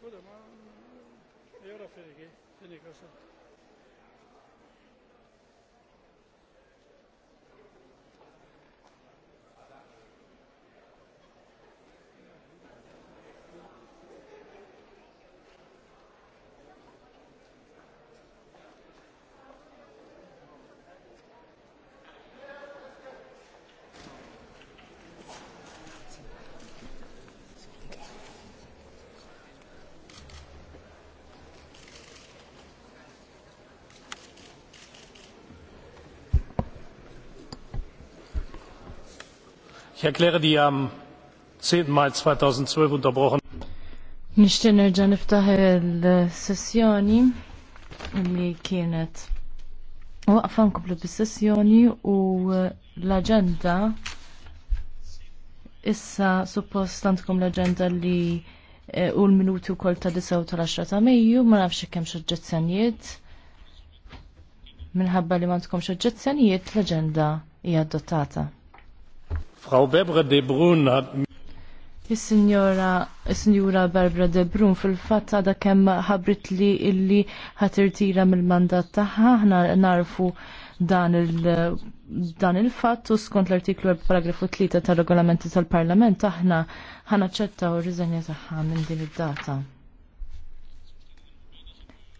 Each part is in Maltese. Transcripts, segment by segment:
Skuda, ma jara e fini, fini kasant. Nishti erkläre 10. nerġa' niftaħ il-sessjoni li kienet waqfa nkomplu bis-sessjoni u l-aġenda issa suppost għandkom l-aġenda li eh, u l-minuti wkoll ta' 9 tal-10 ta' Mejju ma nafx kemm x'oġġezzjonijiet. Minħabba li m'għandkomx oġġezzjonijiet l-aġenda hija adottata. Frau de Brun hat Is-sinjora, is-sinjura Barbara De Brun fil-fatt għada kemm ħabrit li illi ħatirtira mill-mandat taħħa, ħna narfu dan il- fat fatt u skont l-artiklu paragrafu 3 tal-regolamenti tal-Parlament aħna ħana ċetta u riżenja tagħha minn din id-data.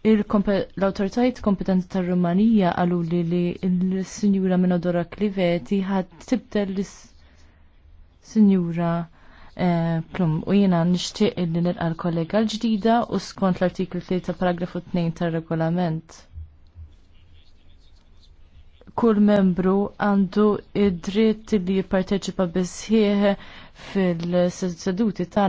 l autoritajt kompetenti tar-Rumanija għalu li li l-sinjura Minodora Kliveti ħad tibdel l Sinjura eh, Plum, u jena nishtiq illi nilqa l-kollega l-ġdida u skont l-artiklu 3 paragrafu 2 tal-regolament. Kull membru għandu id-dritt li jipparteċipa bisħieħ fil-seduti tal